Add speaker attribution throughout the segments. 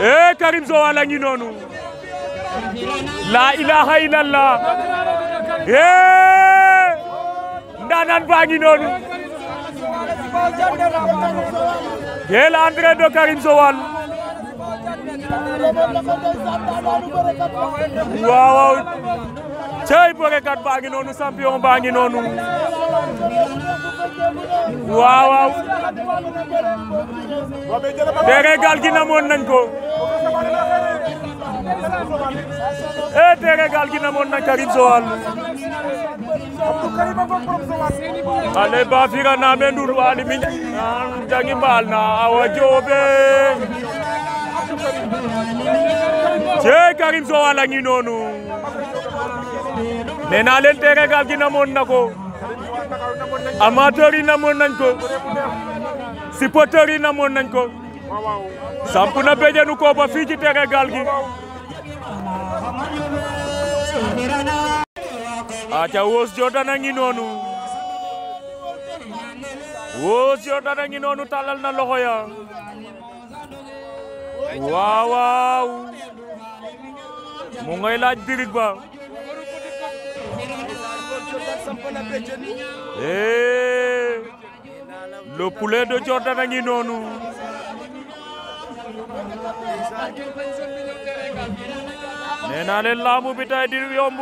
Speaker 1: eh Karim Joal a ngi noonu la ilaha eh, baa ngi noonu de la entrée de Karim Joal waaw baa ngi noonu baa ngi noonu waaw waaw dere gaal nañ ko e tere gal gi namoon na Karim Joal ale ba firana me ndun waly mi an jangi mbaal na awa joobe ce Karim Joal a ngi noonu nee naa leen tere gal gi namoon na ko amateur yi namoon nañ ko supporteur yi namoon nañ ko samp na béjjenu Kooba fii ci terrain Gaal aca Wos Jordan a ngi noonu Wos Jordan a ngi noonu tàllal na loxo ya waaw waaw laaj birig ba eh le poulet Jordan a ngi nee naa leen laamu bi tey di yomb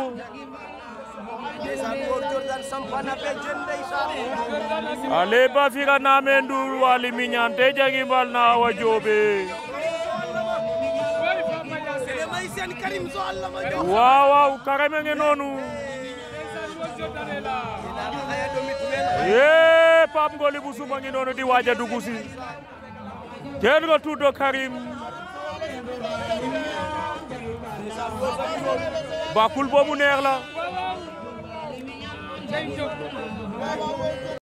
Speaker 1: ale bafira naame ndur wali miñante jagi mbal na awa joobe waaw waaw kareme nge noonu yee Pape Ngoli bu suma ngi noonu di waaja dugusi Jelba Tudo Karim Bakul boobu neex la